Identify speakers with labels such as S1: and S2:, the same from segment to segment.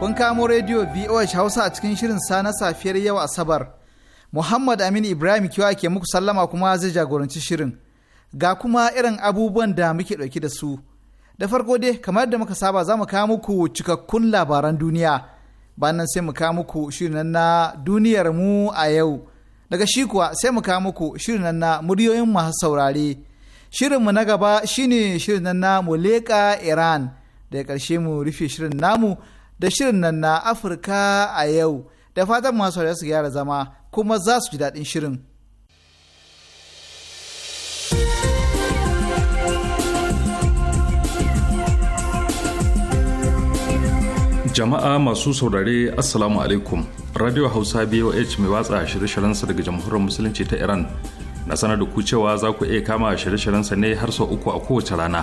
S1: kun kamo rediyo VOH Hausa a cikin shirin sa na safiyar yau Asabar. Muhammad Aminu Ibrahim kiwa ke muku sallama kuma zai jagoranci shirin. Ga kuma irin abubuwan da muke ɗauki da su. Da farko dai kamar da muka saba za mu kawo muku cikakkun labaran duniya. nan sai mu kawo muku shirin na duniyar mu a yau. Daga shi kuwa sai mu kawo muku shirin na muryoyin masu saurare. shirin mu na gaba shine shirin na Muleka Iran. Daga ƙarshe mu rufe shirin namu da shirin nan na Afirka a yau da fatan masu su gyara zama kuma za su ji daɗin shirin.
S2: Jama'a masu saurare Assalamu alaikum Radio Hausa BOH mai watsa shirye-shiryensa daga Jamhuriyar Musulunci ta Iran na sanar da ku cewa za ku iya kama shirye-shiryensa ne har sau uku a kowace rana.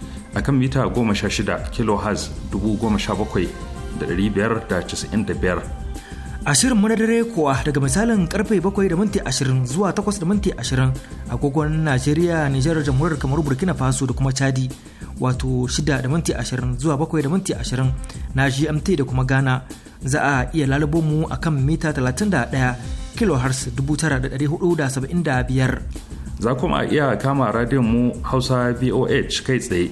S2: a kan mita 16 kHz 17,595.
S3: A shirin madadare kuwa daga misalin karfe 7 da minti 20 zuwa 8 da minti 20 agogon Najeriya, Nijar, Jamhuriyar kamar Burkina Faso da kuma Chadi wato 6 da minti 20 zuwa 7 da minti 20 na GMT da kuma Ghana za a iya lalubo mu a kan mita 31 kHz 9,475. Za
S2: kuma a iya kama radiyon mu Hausa VOH kai tsaye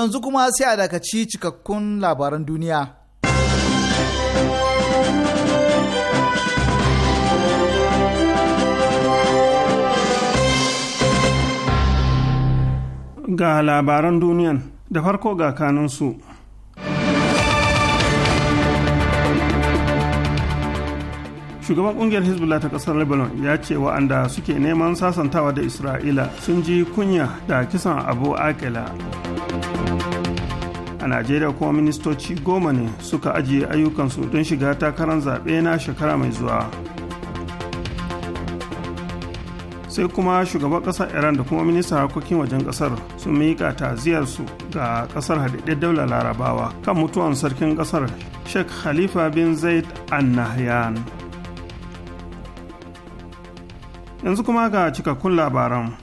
S1: yanzu kuma sai a dakaci cikakkun labaran duniya.
S4: Ga labaran duniyan da farko ga kanunsu. shugaban kungiyar hezbollah ta ƙasar lebanon ya ce wa'anda suke neman sasantawa da isra'ila sun ji kunya da kisan abu akela a najeriya kuma ministoci goma ne suka ajiye ayyukansu don shiga takarar zaɓe na shekara mai zuwa sai kuma shugaban ƙasar iran da kuma ministan harkokin wajen ƙasar sun miƙa ta'aziyarsu ga ƙasar haɗaɗɗen daular larabawa kan mutuwan sarkin ƙasar sheikh khalifa bin zaid an nahyan yanzu kuma ga cikakkun labaran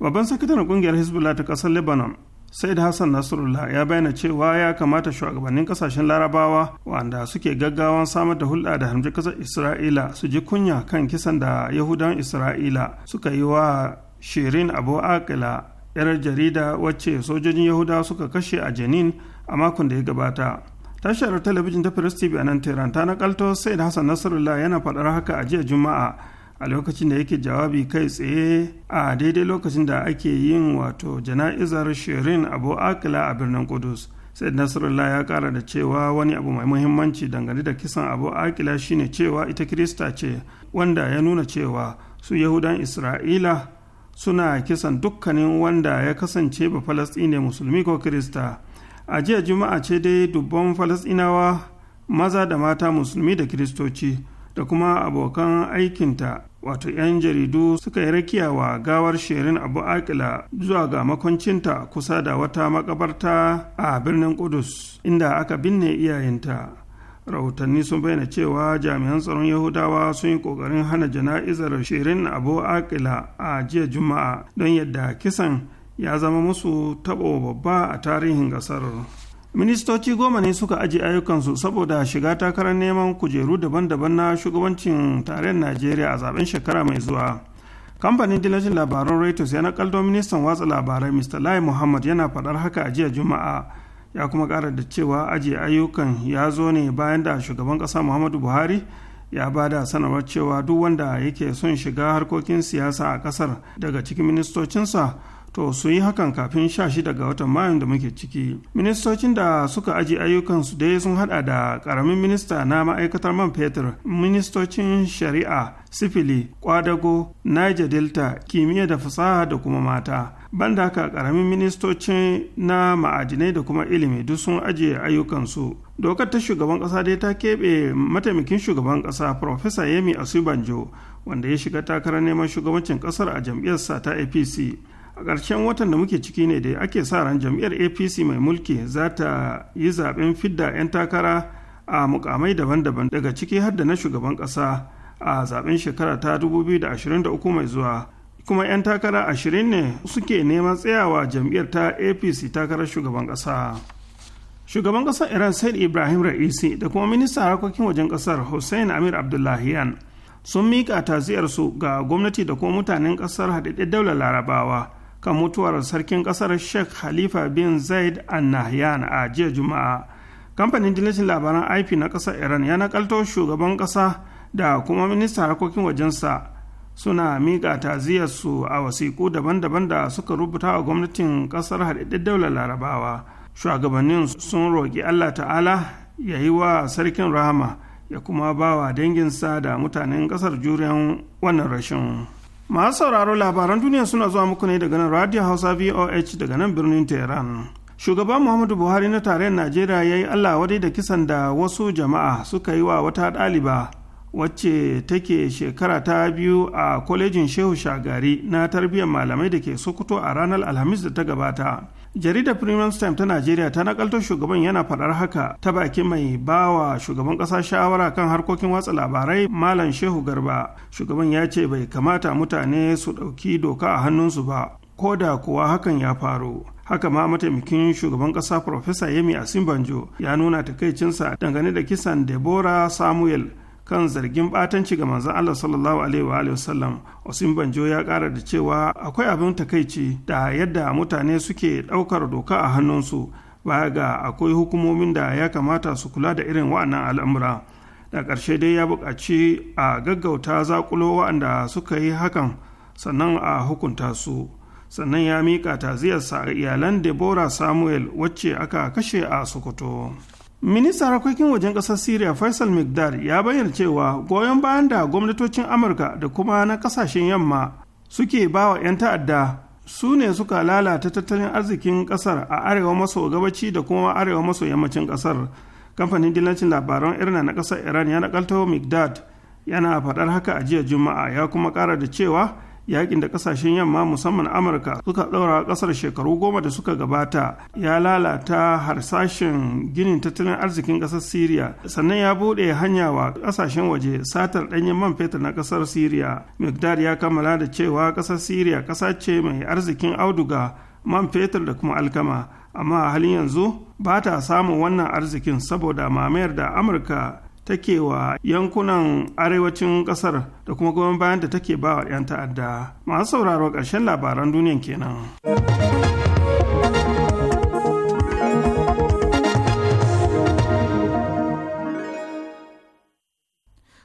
S4: babban sakataren kungiyar hezbollah ta ƙasar lebanon sai da hassan nasrullah ya bayyana cewa ya kamata shugabannin kasashen larabawa wanda suke gaggawan samar da hulɗa da hamji kasar isra'ila su ji kunya kan kisan da yahudan isra'ila suka yi wa shirin abu akila yar jarida wacce sojojin yahuda suka kashe a janin a makon da ya gabata tashar talabijin ta firist tv a nan tehran ta nakalto da hassan nasrullah yana faɗar haka a jiya juma'a a lokacin da yake jawabi kai tsaye a daidai lokacin da ake yin wato jana'izar shirin abu akila a birnin kudus sai Nasarallah ya kara da cewa wani abu mai muhimmanci dangane da kisan abu akila shine cewa ita kirista ce wanda ya nuna cewa su yahudan isra'ila suna kisan dukkanin wanda ya kasance ba falasɗine musulmi ko kirista a jiya juma'a ce dai dubban falasɗinawa maza da mata musulmi da kiristoci da kuma abokan aikinta wato 'yan jaridu suka yi rakiya wa gawar sherin abu akila zuwa ga makwancinta kusa da wata makabarta a birnin kudus inda aka binne iyayenta rahotanni sun bayyana cewa jami'an tsaron yahudawa sun yi kokarin hana jana'izar shirin abu akila a jiya juma'a don yadda kisan ya zama musu taɓo babba a tarihin gasar. ministoci goma ne suka aji ayyukansu saboda shiga takarar neman kujeru daban-daban na shugabancin tarayyar najeriya a zaben shekara mai zuwa kamfanin dilashin labaran reuters ya nakaldo ministan watsa labarai mr lai muhammad yana faɗar haka a jiya juma'a ya kuma ƙara da cewa ajiye ayyukan ya zo ne bayan da shugaban ƙasa muhammadu buhari ya ba da sanarwar cewa duk wanda yake son shiga harkokin siyasa a ƙasar daga cikin ministocinsa to su yi hakan kafin sha shida ga watan mayun da muke ciki ministocin da suka aji ayyukansu dai sun hada da karamin minista na ma'aikatar man fetur ministocin shari'a sifili kwadago niger delta kimiyya da fasaha da kuma mata banda haka karamin ministocin na ma'adinai da kuma ilimi duk sun ajiye ayyukansu dokar ta shugaban kasa dai ta keɓe mataimakin shugaban kasa profesa yemi asubanjo wanda ya shiga takarar neman shugabancin kasar a jam'iyyarsa ta apc a ƙarshen watan da muke ciki ne da ake sa ran jam'iyyar apc mai mulki za ta yi zaben fidda 'yan takara a mukamai daban-daban daga ciki har da na shugaban ƙasa a zaben shekara ta 2023 mai zuwa kuma 'yan takara ashirin ne suke neman tsayawa jam'iyyar ta apc takarar shugaban ƙasa shugaban ƙasar iran said ibrahim ra'isi da kuma ministan harkokin wajen ƙasar hussein amir abdullahiyan sun miƙa taziyarsu ga gwamnati da kuma mutanen ƙasar haɗaɗɗen daular larabawa kan mutuwar sarkin kasar sheikh khalifa bin zaid al nahyan a jiya juma'a kamfanin dillacin labaran ip na kasar iran ya nakalto shugaban kasa da kuma ministan harkokin wajensa suna miƙa taziyarsu a wasiƙu daban-daban da suka rubuta wa gwamnatin kasar haɗaɗɗen daular larabawa shugabannin sun roƙi allah ta'ala ya yi wa sarkin rahama ya kuma ba wa danginsa da mutanen ƙasar juriyan wannan rashin. masu sauraro labaran duniya suna zuwa muku ne daga nan radio hausa voh daga nan birnin tehran Shugaban muhammadu buhari na tarayyar najeriya ya yi allah wadai da kisan da wasu jama'a suka yi wa wata ɗaliba wacce take shekara ta biyu a kwalejin shehu shagari na tarbiyyar malamai da ke sokoto a ranar alhamis da ta gabata jaridar premium time ta najeriya ta nakaltar shugaban yana faɗar haka ta baki mai bawa shugaban ƙasa shawara kan harkokin watsa labarai malam shehu garba shugaban ya ce bai kamata mutane su ɗauki doka a hannunsu ba ko da kuwa hakan ya faru haka ma mataimakin shugaban ƙasa profesa yemi asimbanjo ya nuna takaicinsa dangane da kisan debora samuel kan zargin batanci ga manzon Allah sallallahu alaihi wa sallam Osin Banjo ya kara da cewa akwai abin takaici da yadda mutane suke daukar doka a hannunsu baya ga akwai hukumomin da ya kamata su kula da irin wa'annan al'amura da ƙarshe dai ya buƙaci a gaggauta zakulo wa'anda suka yi hakan sannan a hukunta su sannan ya miƙa taziyarsa a iyalan Deborah Samuel wacce aka kashe a Sokoto. ministan harkokin wajen Kasar syria faisal mcdar ya bayyana cewa goyon bayan da gwamnatocin amurka da kuma na kasashen yamma suke ba wa 'yan ta'adda su ne suka lalata tattalin arzikin ƙasar a arewa maso gabaci da kuma arewa maso yammacin ƙasar kamfanin dillancin labaran irna na kasar iran ya nakalto mcdad yana faɗar haka a jiya juma'a ya kuma ƙara da cewa yakin da kasashen yamma musamman amurka suka ɗaura ƙasar shekaru goma da suka gabata ya lalata harsashen ginin tattalin arzikin ƙasar syria sannan ya buɗe hanya wa ƙasashen waje satar ɗanyen man fetur na ƙasar syria mcdad ya kammala da cewa ƙasar syria ƙasa ce mai arzikin auduga man fetur da kuma alkama amma a halin yanzu ba ta samun wannan arzikin saboda mamayar da amurka take wa yankunan arewacin kasar da kuma goyon bayan da take ba wa 'yan ta'adda masu sauraro ƙarshen labaran duniyan kenan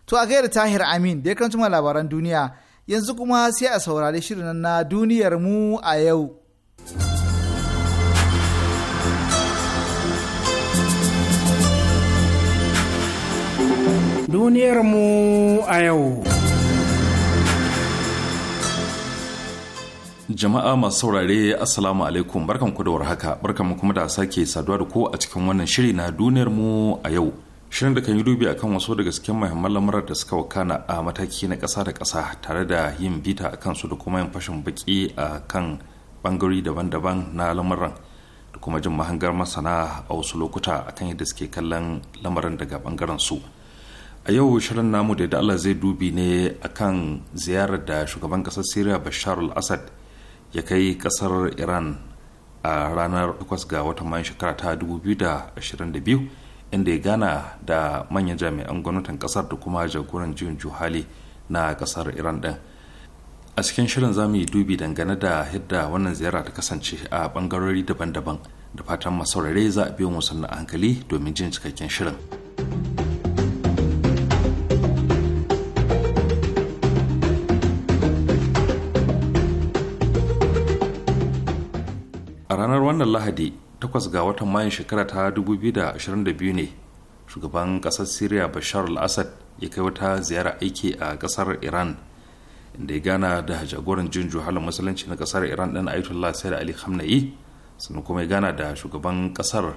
S1: to a gaida tahir amin da ya kan labaran duniya yanzu kuma sai a saurari shirin na duniyar mu a yau
S5: Duniyarmu a yau.
S2: Jama'a masu saurare Assalamu alaikum barkan ku da warhaka barkan kuma da sake saduwa da ku a cikin wannan shiri na duniyar mu a yau. Shirin da kan yi dubi akan wasu daga cikin muhimman lamurar da suka wakana a mataki na kasa da kasa tare da yin bita a kansu da kuma yin fashin baki a kan bangarori daban-daban na lamuran. da kuma jin mahangar masana a wasu lokuta akan yadda suke kallon lamarin daga bangaren su a yau shirin namu da Allah zai dubi ne a kan ziyarar da shugaban kasar syria bashar al-assad ya kai kasar iran a ranar 8 ga watan mayan shekara ta 2022 inda ya gana da manyan jami'an gwamnatin kasar da kuma jagoran jihun juhali na kasar iran din a cikin shirin za mu yi dubi dangane da yadda wannan ziyara ta kasance a bangarori daban-daban da fatan masaurare za a biyo musanna hankali domin jin cikakken shirin. a ranar wannan lahadi takwas ga watan mayun shekara ta 2022 ne shugaban kasar syria bashar al-assad ya kai wata ziyara aiki a kasar iran inda ya gana da jagoran jin juhalin musulunci na kasar iran din ayatollah sayyid ali khamenei sannan kuma ya gana da shugaban kasar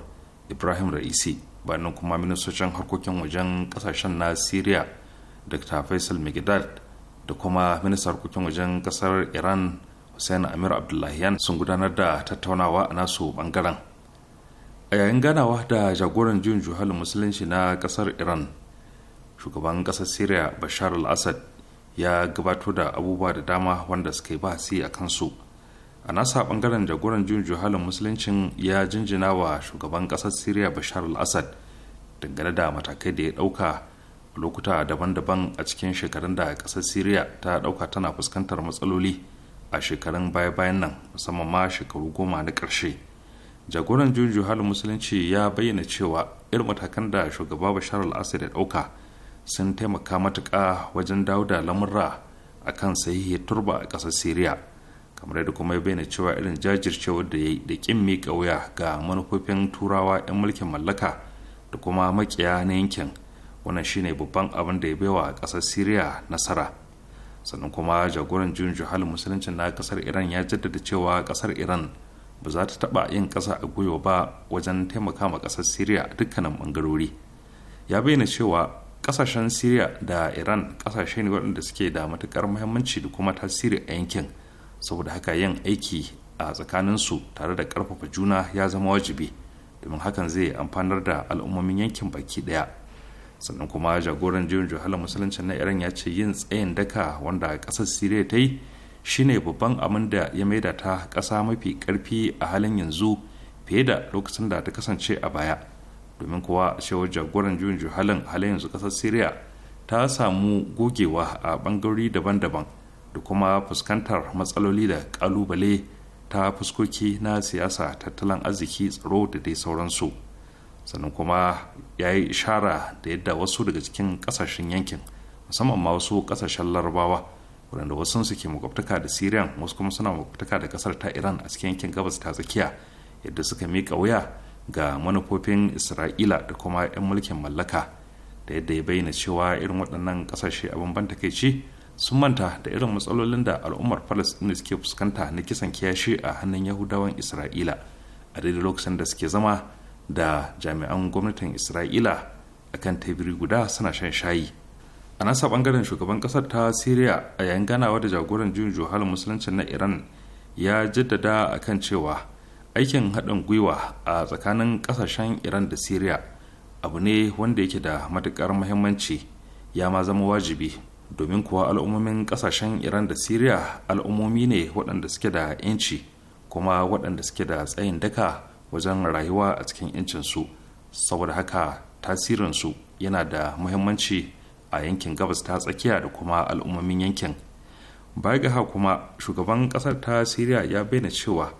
S2: ibrahim raisi bayan kuma ministocin harkokin wajen kasashen na syria dr faisal megidad da kuma ministan harkokin wajen kasar iran hussein amir abdullahiyan sun gudanar da tattaunawa a nasu bangaren a yayin ganawa da jagoran jin juhal musulunci na kasar iran shugaban kasar syria bashar al-assad ya gabato da abubuwa da dama wanda suka yi bahasi a kansu a nasa bangaren jagoran jin juhalin musuluncin ya jinjina wa shugaban kasar syria bashar al-assad dangane da matakai da ya dauka lokuta daban-daban a cikin shekarun da kasar syria ta dauka tana fuskantar matsaloli a shekarun baya-bayan nan musamman ma shekaru goma na ƙarshe jagoran juju hali musulunci ya bayyana cewa irin matakan da shugaba bashar al-assad ya ɗauka sun taimaka matuka wajen dawo da lamurra a kan sahihiyar turba a ƙasar syria kamar yadda kuma ya bayyana cewa irin jajircewar da ya yi da ƙin miƙa wuya ga manufofin turawa 'yan mulkin mallaka da kuma makiya na yankin wannan shine babban abin da ya baiwa ƙasar syria nasara sannan kuma jagoran juyin juhalin musulunci na kasar iran ya jaddada cewa kasar iran ba za ta taba yin kasa a gwiwa ba wajen taimaka ma kasar syria dukkanin bangarori ya bayyana cewa kasashen syria da iran kasashe ne waɗanda suke da matukar muhimmanci da kuma tasiri a yankin saboda haka yin aiki a tsakaninsu tare da karfafa juna ya zama wajibi domin hakan zai amfanar da al'ummomin yankin baki ɗaya sannan kuma jagoran jirgin juhalar musulunci na iran ya ce yin tsayin daka wanda ƙasar siriya ta yi shine babban abin da ya maida ta ƙasa mafi karfi a halin yanzu fiye da lokacin da ta kasance a baya domin kuwa cewar jagoran jirgin juhalin halin yanzu ƙasar siriya ta samu gogewa a ɓangarori daban-daban da kuma fuskantar matsaloli da ƙalubale ta fuskoki na siyasa tattalin arziki tsaro da dai sauransu. sannan kuma ya yi ishara da yadda wasu daga cikin kasashen yankin musamman ma wasu kasashen larabawa waɗanda wasu suke makwabtaka da syrian wasu kuma suna makwabtaka da kasar ta iran a cikin yankin gabas ta tsakiya yadda suka miƙa wuya ga manufofin isra'ila da kuma 'yan mulkin mallaka da yadda ya bayyana cewa irin waɗannan kasashe abin ban takaici sun manta da irin matsalolin da al'ummar palestina suke fuskanta na kisan kiyashi a hannun yahudawan isra'ila a daidai lokacin da suke zama da jami'an gwamnatin isra'ila a kan tebiri guda suna shan shayi a nasa bangaren shugaban kasar ta syria a yayin ganawa da jagoran juyin juhalin musulunci na iran ya jaddada a kan cewa aikin haɗin gwiwa a tsakanin ƙasashen iran da syria abu ne wanda yake da matuƙar muhimmanci ya ma zama wajibi domin kuwa al'ummomin ƙasashen iran da syria al'ummomi ne waɗanda suke da 'yanci kuma waɗanda suke da tsayin daka wajen rayuwa a cikin 'yancinsu saboda haka tasirinsu yana da muhimmanci a yankin gabas ta tsakiya da kuma al'ummomin yankin baya ga kuma shugaban kasar ta siriya ya bayyana cewa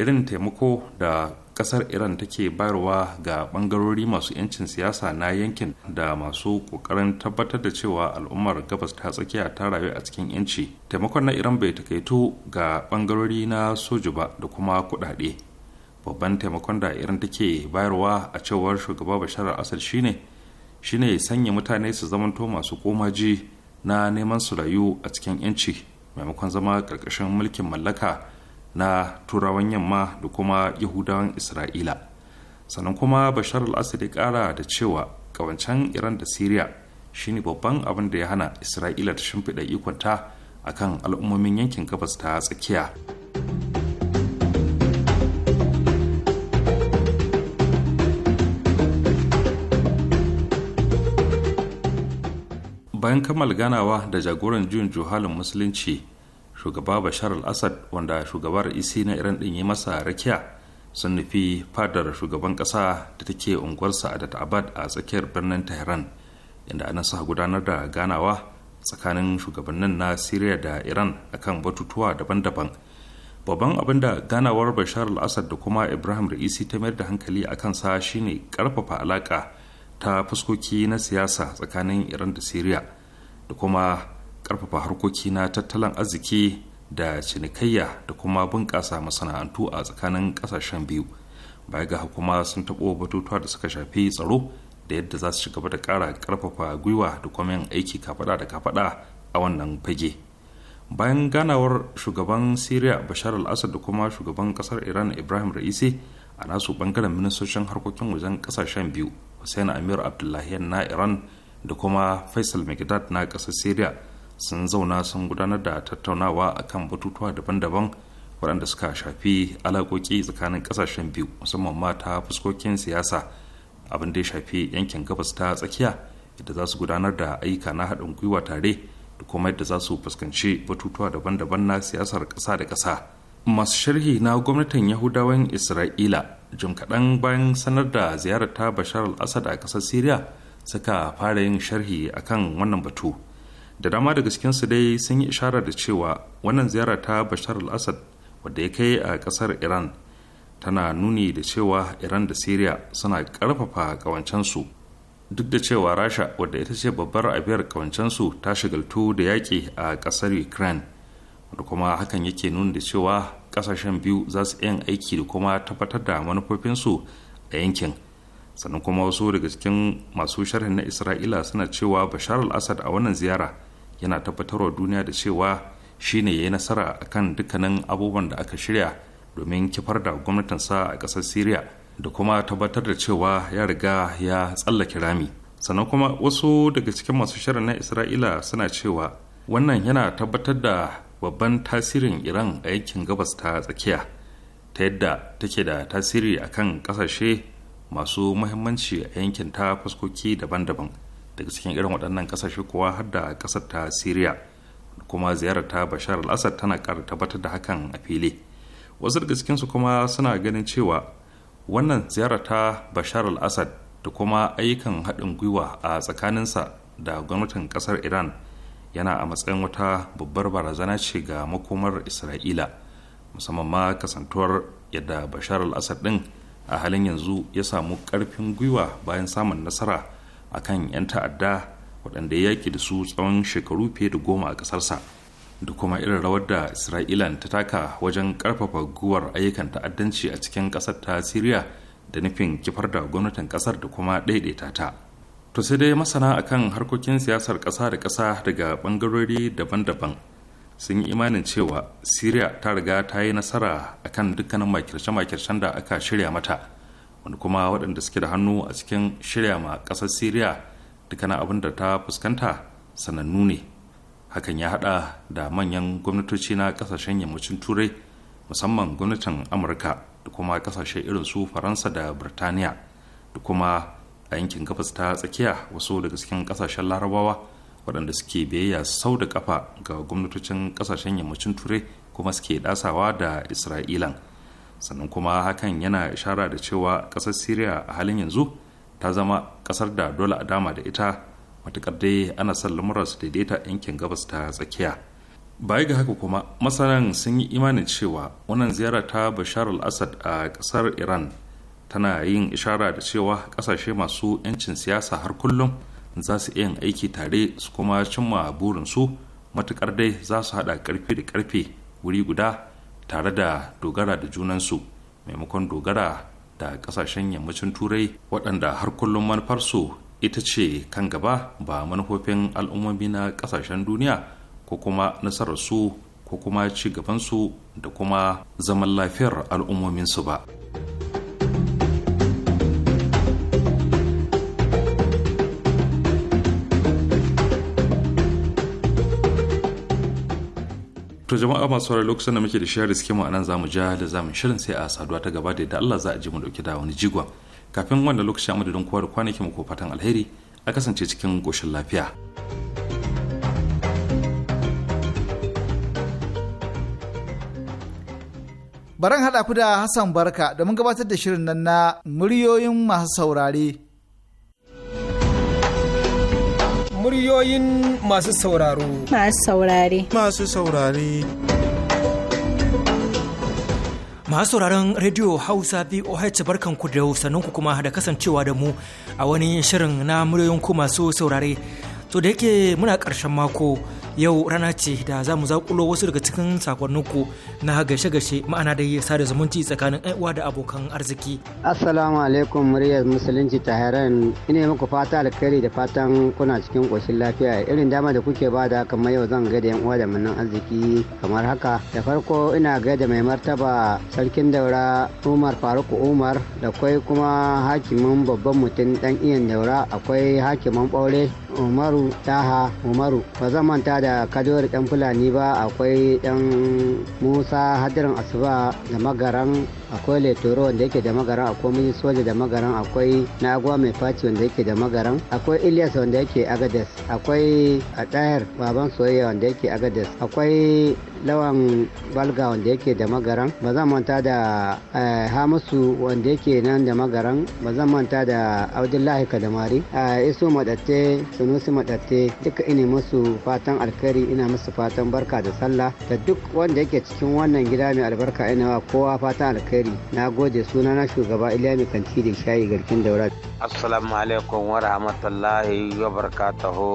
S2: irin taimako da kasar iran take bayarwa ga bangarori masu 'yancin siyasa na yankin da masu kokarin tabbatar da cewa al'ummar gabas ta tsakiya ta rayu a cikin 'yanci taimakon na iran bai takaitu ga bangarori na soji ba da kuma kudade babban taimakon da iran take bayarwa a cewar shugaba bashar al-assad shine shine sanya mutane su zamanto masu komaji na neman su rayu a cikin yanci maimakon zama karkashin mulkin mallaka na turawan yamma da kuma yahudawan isra'ila sannan kuma bashar al-assad ya kara da cewa kawancen iran da syria shine babban abin da ya hana isra'ila ta shimfiɗa ikonta akan al'ummomin yankin gabas ta tsakiya. bayan kammala ganawa da jagoran juyin juhalin musulunci shugaba bashar al-assad wanda shugabar isi e na iran din yi masa rakiya sun nufi fadar shugaban kasa da take unguwar sa'adat abad a tsakiyar birnin tehran inda ana sa gudanar da ganawa tsakanin shugabannin na syria da iran akan batutuwa daban-daban babban abin da ganawar bashar al-assad da kuma ibrahim ra'isi ta mayar da hankali a kansa shine karfafa alaka ta fuskoki na siyasa tsakanin iran da syria da kuma karfafa harkoki na tattalin arziki da cinikayya da kuma bunƙasa masana'antu a tsakanin ƙasashen biyu baya ga hukuma sun taɓo batutuwa da suka shafi tsaro da yadda za su gaba da ƙara ƙarfafa gwiwa da kuma yin aiki kafaɗa da kafaɗa a wannan fage bayan ganawar shugaban syria bashar al-assad da kuma shugaban ƙasar iran ibrahim ra'isi a nasu ɓangaren ministocin harkokin wajen ƙasashen biyu hussein amir abdullahian na iran da kuma faisal megidad na ƙasar syria sun zauna sun gudanar da tattaunawa a kan batutuwa daban-daban waɗanda suka shafi alaƙoƙi tsakanin ƙasashen biyu musamman ma ta fuskokin siyasa abin da ya shafi yankin gabas ta tsakiya yadda za su gudanar da ayyuka na haɗin gwiwa tare da kuma yadda za su fuskanci batutuwa daban-daban na siyasar ƙasa da ƙasa masu sharhi na gwamnatin yahudawan isra'ila jim kaɗan bayan sanar da ziyarar ta bashar al-assad a ƙasar syria suka fara yin sharhi akan wannan batu da dama daga cikinsu dai sun yi ishara da cewa wannan ziyara ta bashar al-assad wadda ya kai a ƙasar iran tana nuni da cewa iran da syria suna ƙarfafa ƙawancensu, duk da cewa rasha wadda ita ce babbar abiyar ƙawancensu ta shigaltu da yaƙi a ƙasar ukraine da kuma hakan yake nuna da cewa kasashen biyu za su yin aiki da kuma tabbatar da manufofinsu a yankin sannan kuma wasu daga cikin masu sharhin na isra'ila suna cewa bashar al-assad a wannan ziyara yana tabbatar wa duniya da cewa shine ya yi nasara kan dukkanin abubuwan da aka shirya domin kifar da gwamnatinsa a ƙasar syria da kuma tabbatar da cewa ya riga ya tsallake rami sannan kuma wasu daga cikin masu shirin na isra'ila suna cewa wannan yana tabbatar da babban tasirin iran a yankin gabas ta tsakiya ta yadda take da tasiri a kan kasashe masu muhimmanci a yankin ta fuskoki daban-daban daga cikin irin waɗannan kasashe kuwa har da ƙasar ta siriya kuma ziyarar ta bashar al-assad tana ƙara tabbatar da hakan a fili wasu daga cikinsu kuma suna ganin cewa wannan ziyarar ta bashar al-assad da kuma ayyukan haɗin gwiwa a tsakaninsa da gwamnatin ƙasar iran yana a matsayin wata babbar barazana ce ga makomar isra'ila musamman ma kasantuwar yadda bashar al-assad din a halin yanzu ya samu karfin gwiwa bayan samun nasara a kan 'yan ta'adda waɗanda ya yaki da su tsawon shekaru fiye da goma a ƙasarsa da kuma irin rawar da isra'ila ta taka wajen ƙarfafa guwar ayyukan ta'addanci a cikin ƙasar ta siriya da nufin kifar da gwamnatin ƙasar da kuma ɗaiɗaita ta. to sai dai masana akan harkokin siyasar ƙasa da ƙasa daga ɓangarori daban-daban sun yi imanin cewa siriya ta riga ta yi nasara akan dukkanin makirce-makircen da aka shirya mata wanda kuma waɗanda suke da hannu a cikin shirya ma ƙasar siriya dukkanin abin da ta fuskanta sanannu ne hakan ya haɗa da manyan gwamnatoci na ƙasashen yammacin turai musamman gwamnatin amurka da kuma ƙasashe irin su faransa da birtaniya da kuma a yankin gabas ta tsakiya wasu daga cikin kasashen larabawa waɗanda suke biyayya sau da kafa ga gwamnatocin kasashen yammacin turai kuma suke dasawa da isra'ilan sannan kuma hakan yana ishara da cewa ƙasar syria a halin yanzu ta zama ƙasar da dole a dama da ita matuƙar dai ana son lamura su daidaita yankin gabas ta tsakiya baya ga haka kuma masanan sun yi imanin cewa wannan ziyara ta bashar al-assad a ƙasar iran tana yin ishara da cewa kasashe masu 'yancin siyasa har kullum za su iya yin aiki tare su kuma cimma burinsu matukar dai za su haɗa ƙarfe da karfe wuri guda tare da dogara da junansu maimakon dogara da ƙasashen yammacin turai waɗanda har kullum manufarsu ita ce kan gaba ba manufofin al'ummomi na ƙasashen duniya ko kuma nasararsu ko kuma ci gabansu da kuma zaman lafiyar al'ummominsu ba. to jama'a masu saurari lokacin da muke da shirin riske mu anan zamu ja da zamu shirin sai a saduwa ta gaba da yadda Allah za a ji mu dauke da wani jigon kafin wannan lokacin mu da don kowa da kwanaki mu ko fatan alheri a kasance cikin goshin lafiya.
S1: Baran haɗa ku da Hassan Barka domin gabatar da shirin nan na muryoyin masu saurare. Muryoyin masu sauraro.
S6: Masu saurare. Masu
S1: saurare.
S3: Masu sauraron Radio Hausa VOH barkanku da ku kuma da kasancewa da mu a wani shirin na muryoyin ku masu saurare. To da yake muna ƙarshen mako yau rana ce da za mu zakulo wasu daga cikin sakonninku na gashe-gashe ma'ana da yi sada zumunci tsakanin uwa da abokan arziki.
S7: Assalamu alaikum muryar musulunci tahiran ina muku fata alkhairi da fatan kuna cikin ƙoshin lafiya irin dama da kuke ba da kamar yau zan gaida yan uwa da munnan arziki kamar haka da farko ina gaida mai martaba sarkin daura Umar Faruk Umar da kai kuma hakimin babban mutum dan iyan daura akwai hakimin ɓaure umaru taha umaru ba zan manta da kadowar ɗan fulani ba akwai ɗan musa hadirin asuba da magaran akwai letoro wanda yake da magaran akwai miji soja da magaran akwai nagwa mai faci wanda yake da magaran akwai ilias wanda yake agades akwai atayar baban soyayya wanda yake agades akwai lawan balga wanda yake da magaran ba zan manta da eh, hamisu wanda yake nan da magaran ba zan manta da abdullahi kadamari eh, iso madatte sunusi madatte duka ina musu fatan alkhairi ina musu fatan barka da sallah da duk wanda yake cikin wannan gida mai albarka ina wa kowa fatan alkhairi na gode suna na shugaba iliya kanti da shayi garkin daura
S8: assalamu alaikum wa rahmatullahi wa barakatuhu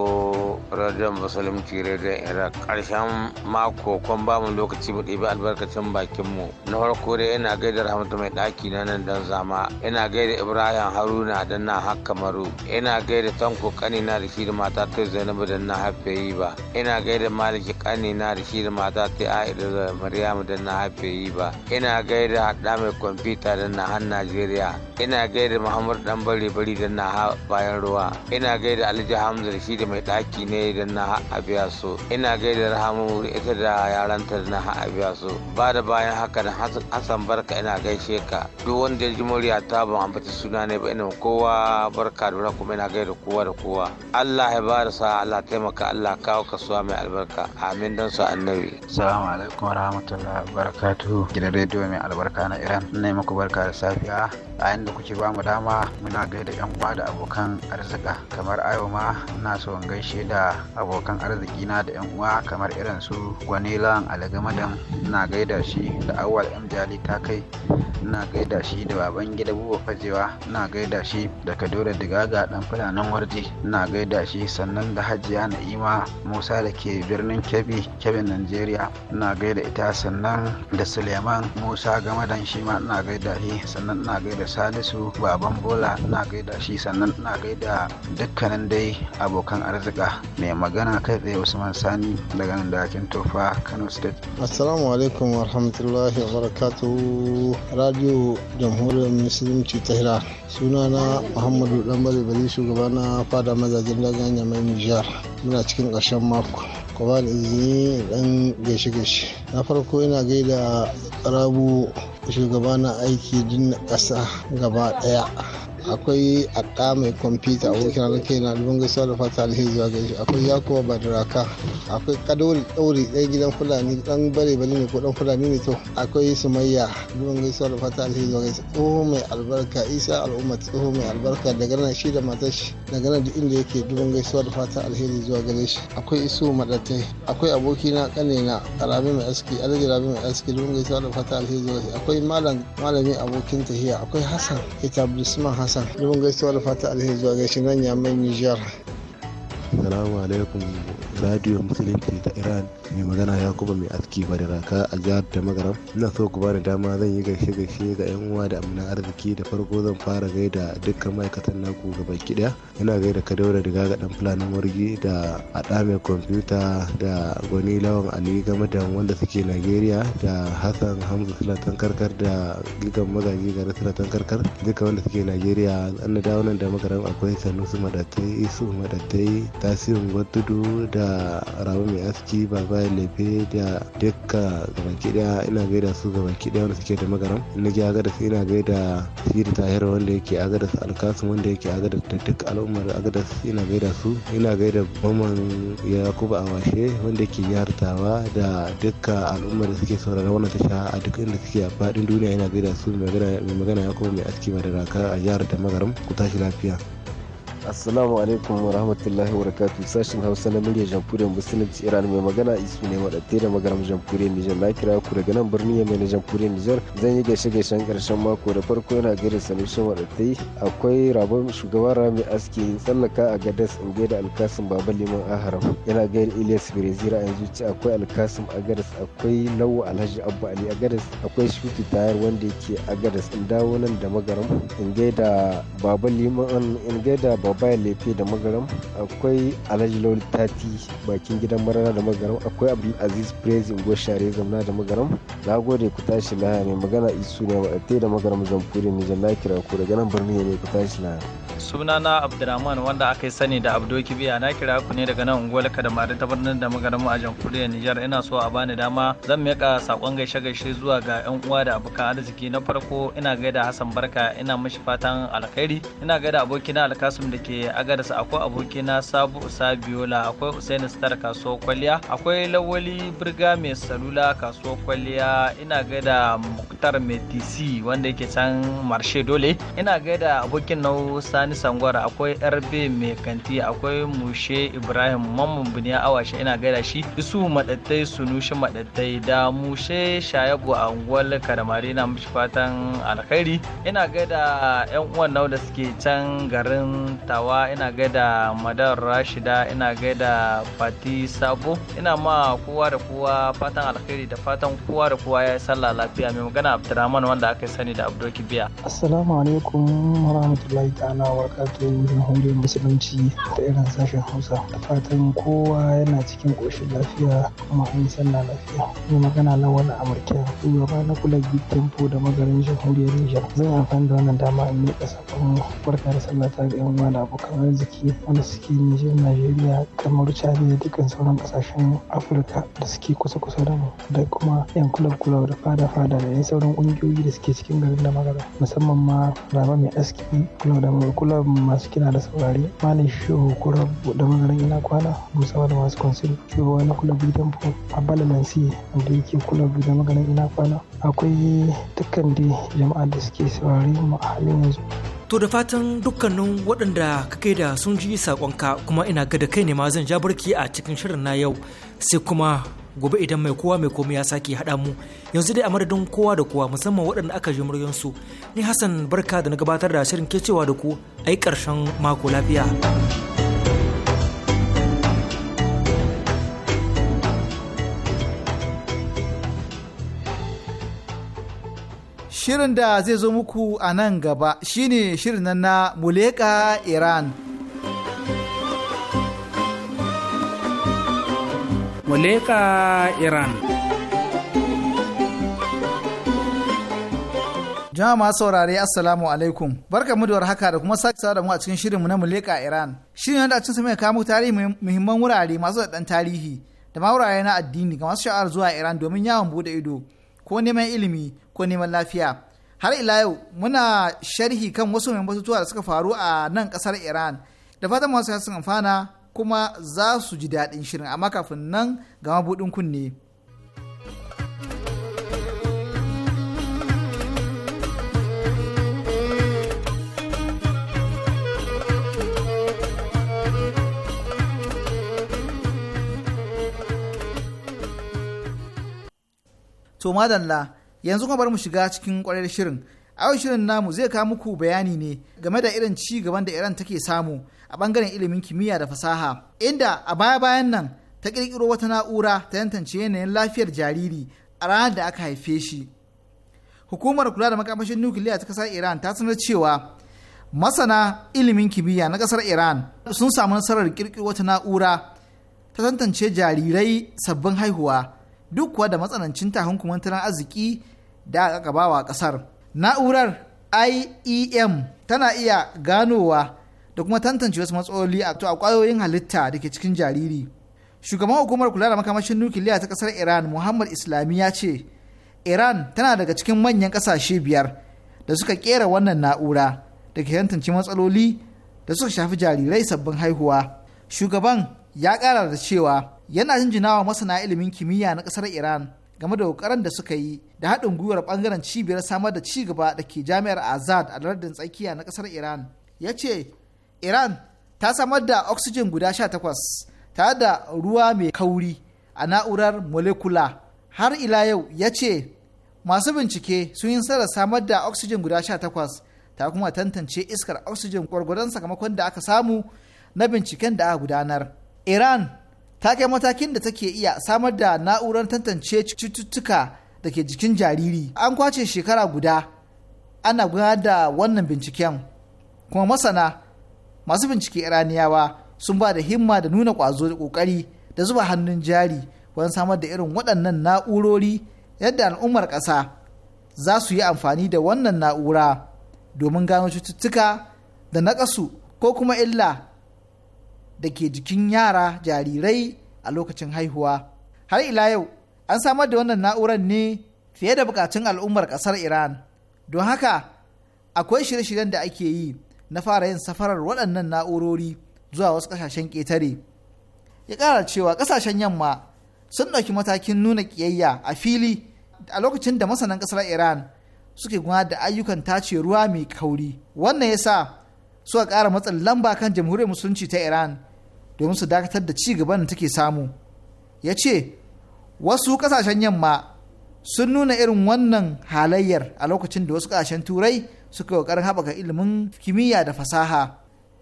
S8: radio musulunci radio iraq karshen mako kun ba mu lokaci mu ɗebi albarkacin bakin mu na farko dai ina gaida rahmatu mai ɗaki na nan dan zama ina gaida ibrahim haruna dan na haka maru ina gaida tanko na da shi da mata ta zainabu dan na haife yi ba ina gaida maliki na da shi da mata ta aida da maryamu dan na haife yi ba ina gaida haɗa mai kwamfuta dan na han najeriya ina gaida muhammad dan bari bari dan na bayan ruwa ina gaida alhaji hamza da shi da mai ɗaki ne dan na abiya so ina gaida rahamu ita da ya yaranta da na biya su ba da bayan haka na hassan barka ina gaishe ka duk wanda ya ji murya ta ban ambata suna ne ba ina kowa barka da kuma ina gaida kowa da kowa Allah ya ba da sa Allah taimaka Allah kawo kasuwa mai albarka amin don su annabi salamu alaikum warahmatullahi wabarakatuh gidan rediyo mai albarka na Iran yi muku barka da safiya a inda kuke ba mu dama muna gaida yan uwa da abokan arzika kamar ayo ma ina so gaishe da abokan arziki na da yan uwa kamar irin su gwanila. ibrahim alagamadan ina gaida shi da awal yan jali ta kai ina gaida shi da baban gida buba fajewa ina gaida shi da kadoda digaga dan fulanin warji ina gaida shi sannan da hajiya na'ima musa da ke birnin kebbi kebi nigeria ina gaida ita sannan da suleiman musa gamadan shi ma ina gaida shi sannan ina gaida salisu baban bola ina gaida shi sannan ina gaida dukkanin dai abokan arzika mai magana kai tsaye usman sani daga nan dakin Kano State.
S9: Assalamu alaikum wa rahmatullahi wa barakatu Radio Jamhuriyar Musulunci ta Hira. Sunana Muhammadu Dambari Bari shugaba na fada mazajen daganya mai Nijar. Muna cikin ƙarshen mako. Ku ba izini dan gaishe-gaishe. Na farko yana gaida rabu shugaba na aiki din ƙasa gaba ɗaya. akwai akka mai kwamfuta abokin alakai na dubin gaisuwa da fata alheri zuwa gare shi akwai yakuwa badaraka akwai kadori dauri ɗaya gidan fulani dan bare bale ne ko dan fulani ne to akwai sumayya albunga gaisuwa da fata alheri zuwa gare shi tsoho mai albarka isa al'umma tsoho mai albarka daga nan shi da matar shi daga nan duk inda yake albunga gaisuwa da fata alheri zuwa gare shi akwai isu madatai akwai abokina kanina karami mai aski alhaji rabi mai aski albunga gaisuwa da fata alheri zuwa gare shi akwai malam malami abokin tahiya akwai hassan ita bisman hassan hassan jibin gaisuwa da fata alheri zuwa gaishe nan ya mai nijar
S10: salamu alaikum radio musulunci ta iran mai magana ya kuma mai aski bari raka a jihar da magaram ina so ku bani dama zan yi gaishe gaishe ga yan uwa da amina arziki da farko zan fara gaida dukkan ma'aikatan naku gaba kiɗaya ina gaida kadaura da gaga dan fulanin wargi da ada mai kwamfuta da gwani lawan ali game da wanda suke najeriya da hassan hamza sulatan karkar da gigan magaji gari sulatan karkar duka wanda suke najeriya an da dawo da magaram akwai sanusi madatai isu madatai tasirin gwatudu da da rabu mai aski baba lefe da dukka gabaki daya ina gaida su gabaki daya wanda suke da magaram na ji su ina gaida siri tahir wanda yake su, alkasum wanda yake agadas da duk al'ummar su ina gaida su ina gaida maman yakubu awashe wanda yake yartawa da dukka al'ummar da suke saurara wannan tasha a duk inda suke a faɗin duniya ina gaida su mai magana yakubu mai aski ba da raka a jihar da magaram ku tashi lafiya. assalamu alaikum wa rahmatullahi wa barakatu sashen hausa na murya jamhuriyar musulunci iran mai magana isu ne wadatai da magaram jamhuriyar nijar na kira ku daga nan birni yamai na jamhuriyar nijar zan yi gaishe gaishen karshen mako da farko yana gaida salishin wadatai akwai rabon shugaban rami aski tsallaka a gadas in gaida alkasim baba liman aharam yana gaida ilyas firezira a yanzu akwai alkasim a gadas akwai lawa alhaji abba ali a gadas akwai shuti tayar wanda yake a gadas in dawo nan da magaram in gaida baba liman in gaida bayan lefe da magaram akwai alhaji lauli tati bakin gidan marana da magaram akwai abdulaziz prezi share zamna da magaram na gode ku tashi laya mai magana isu ne maɗate da magaram zamfuri nijar na kira ku daga nan birni ne ku tashi laya
S6: sunana abdulrahman wanda aka yi sani da abdo kibiya na kira ku ne daga nan unguwar kadamari ta birnin da magaramu a jamhuriyar nijar ina so a bani dama zan miƙa sakon gaishe gaishe zuwa ga yan uwa da abokan arziki na farko ina gaida hassan barka ina mishi fatan alkhairi ina gaida abokina alkasum da ke agadas akwai abokina sabu usa biola akwai usaini star kasuwar kwalliya akwai lawali birga mai salula kasuwar kwalliya ina gaida muktar mai wanda yake can marshe dole ina gaida abokin nau sani Ali sangwara akwai rb mai kanti akwai mushe ibrahim mamman buniya awashi ina gaida shi isu madattai sunushi madattai da mushe shayabu a unguwar karamari na mishi fatan alkhairi ina gaida yan uwan nau da suke can garin tawa ina gaida madar rashida ina gaida fati sabo ina ma kowa da kowa fatan alkhairi da fatan kowa da kowa ya yi sallah lafiya mai magana abdurrahman wanda aka sani da Abdulkibiya. assalamu alaikum
S5: warahmatullahi ta'ala wa wabarakatuh jamhuriyar musulunci da irin sashen hausa da fatan kowa yana cikin ƙoshin lafiya kuma an yi sallah lafiya mai magana lawan amurka shugaba na kula tempo da magarin jamhuriyar nijar zan amfani da wannan dama in miƙa sabon barka da sallah ta ga yan da abokan arziki wanda suke nijar najeriya kamar chadi da dukkan sauran ƙasashen afirka da suke kusa-kusa da mu da kuma yan kulab kulab da fada fada da yan sauran ƙungiyoyi da suke cikin garin da magana musamman ma raba mai aski kulab da mai Salam masu kina da saurari. Malam Shehu Kurab da maganin ina kwana Musa da masu kwansil. wani na kula bidan po Abala Nansi wanda yake kula da maganin ina kwana. Akwai dukkan dai jama'a da suke saurari mu a halin yanzu.
S3: To da fatan dukkanin waɗanda ka kai da sun ji saƙonka kuma ina ga da kai ne ma zan ja barki a cikin shirin na yau sai kuma gobe idan mai kowa mai komai ya sake haɗa mu yanzu dai a madadin kowa da kowa musamman waɗanda aka ji muryansu ni hassan barka da na gabatar da shirin cewa da ku a yi ƙarshen mako lafiya
S1: Shirin da zai zo muku a nan gaba shine shirin na Muleka Iran.
S6: Muleka Iran.
S1: Jama'a masu saurare Assalamu alaikum. Barka mu da warhaka da kuma sake da mu a cikin shirinmu na Muleka Iran. Shirin yadda cikin sami kamo tarihi muhimman wurare masu ɗan tarihi da ma wurare na addini ga masu sha'awar zuwa Iran domin yawon buɗe ido ko neman ilimi ko neman lafiya. Har ila yau muna sharhi kan wasu muhimman batutuwa da suka faru a nan ƙasar Iran. Da fatan masu sun amfana kuma za su ji daɗin shirin amma kafin nan ga mabuɗin kunne. To madalla yanzu kuma bar mu shiga cikin kwarar shirin. A shirin namu zai kawo muku bayani ne game da irin ci gaban da Iran take samu a bangaren ilimin kimiyya da fasaha inda a baya-bayan nan ta ƙirƙiro wata na'ura ta tantance yanayin lafiyar jariri a ranar da aka haife shi hukumar kula da makamashin nukiliya ta kasar iran ta sanar cewa masana ilimin kimiyya na ƙasar iran sun samu nasarar kirkiro wata na'ura ta tantance jarirai sabbin haihuwa duk kuwa da matsanancin tahunkuman tattalin arziki da aka bawa ƙasar na'urar iem tana iya ganowa da kuma tantance wasu matsaloli a a kwayoyin halitta da ke cikin jariri shugaban hukumar kula da makamashin nukiliya ta kasar iran muhammad islami ya ce iran tana daga cikin manyan kasashe biyar da suka kera wannan na'ura da ke tantance matsaloli da suka shafi jarirai sabbin haihuwa shugaban ya kara da cewa yana jinjinawa masana ilimin kimiyya na kasar iran game da kokarin da suka yi da haɗin gwiwar bangaren cibiyar samar da ci gaba da ke jami'ar azad a lardin tsakiya na kasar iran ya ce iran ta samar da oxygen guda 18 tare da ruwa mai kauri a na'urar molecular har ila yau ya ce masu bincike sun yi sarar samar da oxygen guda 18 ta kuma tantance iskar oxygen gwargwadon sakamakon da aka samu na binciken da aka gudanar iran ta kai matakin da take iya samar da na'urar tantance cututtuka da ke jikin jariri an kwace shekara guda ana gudanar da wannan binciken kuma masana masu bincike iraniyawa sun ba da himma da nuna ƙwazo da ƙoƙari da zuba hannun jari wajen samar da irin waɗannan na'urori yadda al'ummar ƙasa za su yi amfani da wannan na'ura domin gano cututtuka da naƙasu ko kuma illa da ke jikin yara jarirai a lokacin haihuwa har ila yau an samar da wannan na'urar ne fiye da bukatun al'ummar ƙasar iran don haka akwai shirye-shiryen da ake yi na fara yin safarar waɗannan na'urori zuwa wasu ƙasashen ƙetare ya ƙara cewa ƙasashen yamma sun ɗauki matakin nuna ƙiyayya a fili a lokacin da masanan ƙasar iran suke guna da ayyukan tace ruwa mai kauri wannan ya sa suka ƙara matsin lamba kan jamhuriyar musulunci ta iran domin su dakatar da ci gaban da take samu ya ce wasu ƙasashen yamma sun nuna irin wannan halayyar a lokacin da wasu ƙasashen turai suka ƙoƙarin haɓaka ilimin kimiyya da fasaha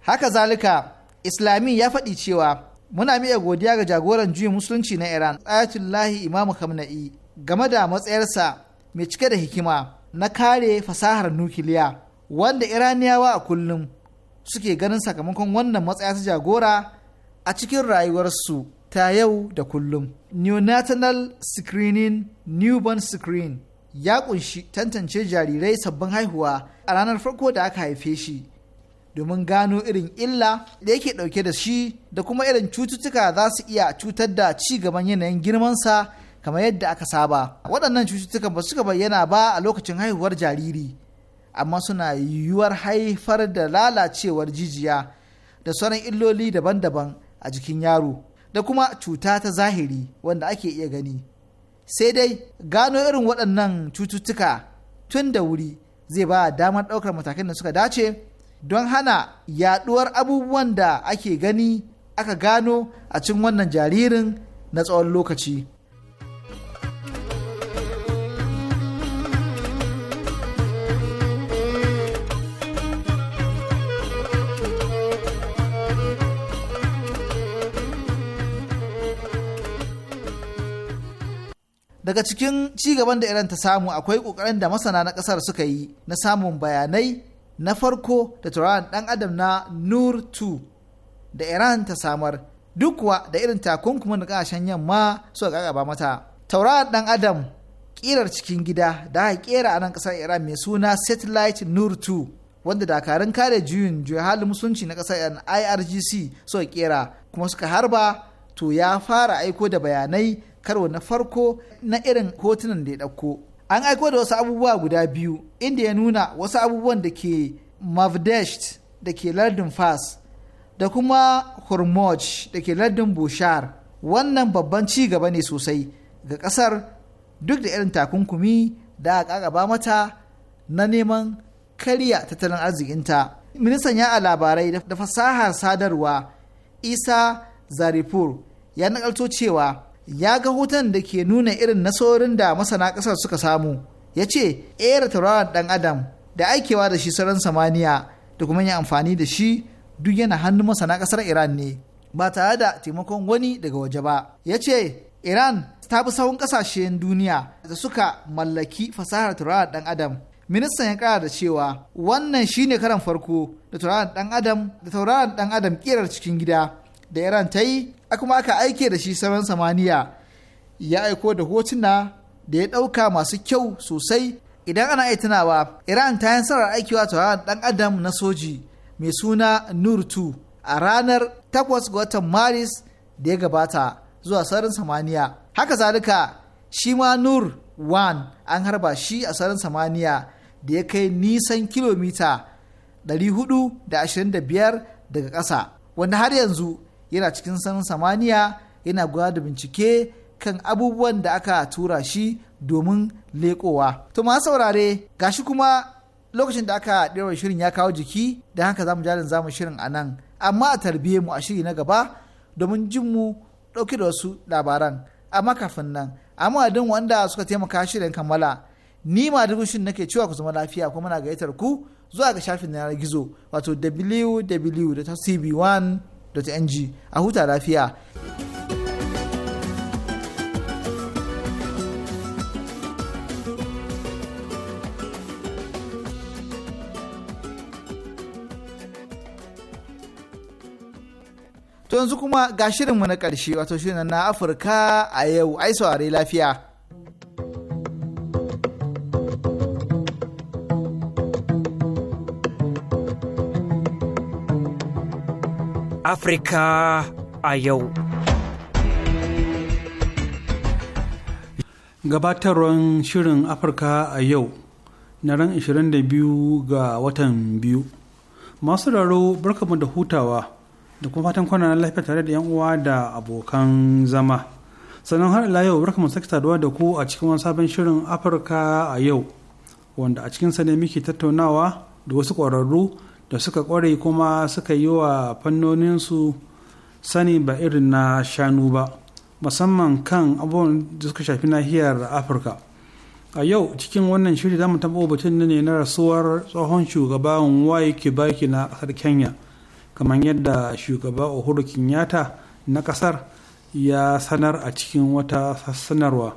S1: haka zalika islami ya faɗi cewa muna miya godiya ga jagoran juyin musulunci na iran ayatullahi imamu kamna'i game da matsayarsa mai cike da hikima na kare fasahar nukiliya wanda iraniyawa a kullum suke ganin sakamakon wannan matsaya ta jagora a cikin rayuwarsu ta yau da kullum. Neonatal Screening Newborn Screen ya kunshi tantance jarirai sabbin haihuwa a ranar farko da aka haife shi domin gano irin illa da yake dauke da shi da kuma irin cututtuka za su iya cutar da ci gaban yanayin girmansa kamar yadda aka saba waɗannan cututtukan ba suka bayyana ba a lokacin haihuwar jariri amma suna yiwuwar haifar da lalacewar jijiya da sauran illoli daban-daban a jikin yaro da kuma cuta ta zahiri wanda ake iya gani sai dai gano irin waɗannan cututtuka tun da wuri zai ba damar ɗaukar matakan da suka dace don hana yaɗuwar abubuwan da ake gani aka gano a cikin wannan jaririn na tsawon lokaci daga cikin cigaban da iran ta samu akwai kokarin da masana na kasar suka yi na samun bayanai na farko da turan dan adam na nur 2 da iran ta samar duk kuwa da irin takunkumin da kasashen yamma suka ƙaƙaba mata tauraron dan adam kirar cikin gida da aka kera a nan kasar iran mai suna satellite nur 2 wanda dakarun kare juyin juyar halin na kasar iran irgc suka kera kuma suka harba to ya fara aiko da bayanai karo na farko na irin hotunan da ya ɗauko an aiko da wasu abubuwa guda biyu inda ya nuna wasu abubuwan da ke mavdesht da ke lardin fas da kuma hormoj da ke lardin bushar wannan babban ci gaba ne sosai ga ƙasar duk da irin takunkumi da aka ƙaƙaba mata na neman karya tattalin arzikinta ministan ya labarai da fasahar sadarwa isa Zaripur ya nakalto cewa ya ga hoton da ke nuna irin nasorin da masana kasar suka samu ya ce era tauraron ɗan adam da aikewa da shi sauran samaniya da kuma yin amfani da shi duk yana hannun masana ƙasar iran ne ba tare da taimakon wani daga waje ba ya ce iran ta fi sahun ƙasashen duniya da suka mallaki fasahar tauraron ɗan adam ministan ya kara da cewa wannan shine karan farko da tauraron ɗan adam da tauraron ɗan adam kirar cikin gida da iran ta yi kuma aka aike da shi sauran samaniya ya aiko da hotuna da ya ɗauka masu kyau sosai idan ana iya tunawa iran ta yi nasarar aikiwa tauraron ɗan adam na soji mai suna nur 2 a ranar 8 ga watan maris da ya gabata zuwa sararin samaniya haka zalika shi ma nur 1 an harba shi a sararin samaniya da ya kai nisan kilomita 425 daga ƙasa wanda har yanzu yana cikin sanin samaniya yana gudanar da bincike kan abubuwan da aka tura shi domin leƙowa. To ma saurare gashi kuma lokacin da aka ɗaura shirin ya kawo jiki da haka zamu jalin zamu shirin a nan amma a tarbiye mu a shiri na gaba domin jin mu ɗauki da wasu labaran amma kafin nan amma don wanda suka taimaka shirin kammala ni ma duk shin nake cewa ku zama lafiya kuma muna gayyatar ku zuwa ga shafin yanar gizo wato www.cb1 ng a huta lafiya. To yanzu kuma ga shirinmu na ƙarshe wato shirin na Afirka a yau ai saurari lafiya.
S3: Afirka a yau.
S5: Gabatarwar Shirin Afirka a yau na ran 22 ga watan biyu. Masu raro barkamu da hutawa da kuma fatan kwana lafiya tare da 'yan uwa da abokan zama. Sannan har ila yau barkamu sake saduwa da ku a cikin wani sabon shirin Afirka a yau wanda a cikin ne muke tattaunawa da wasu ƙwararru da suka kware kuma suka yi wa fannoninsu sani ba irin na shanu ba musamman kan abubuwan da suka shafi nahiyar afirka a yau cikin wannan shiri za mu taɓa batun ne na rasuwar tsohon shugaban waye kibaki na ƙasar kenya kamar yadda shugaba uhuru kenyatta na ƙasar ya sanar a cikin wata sanarwa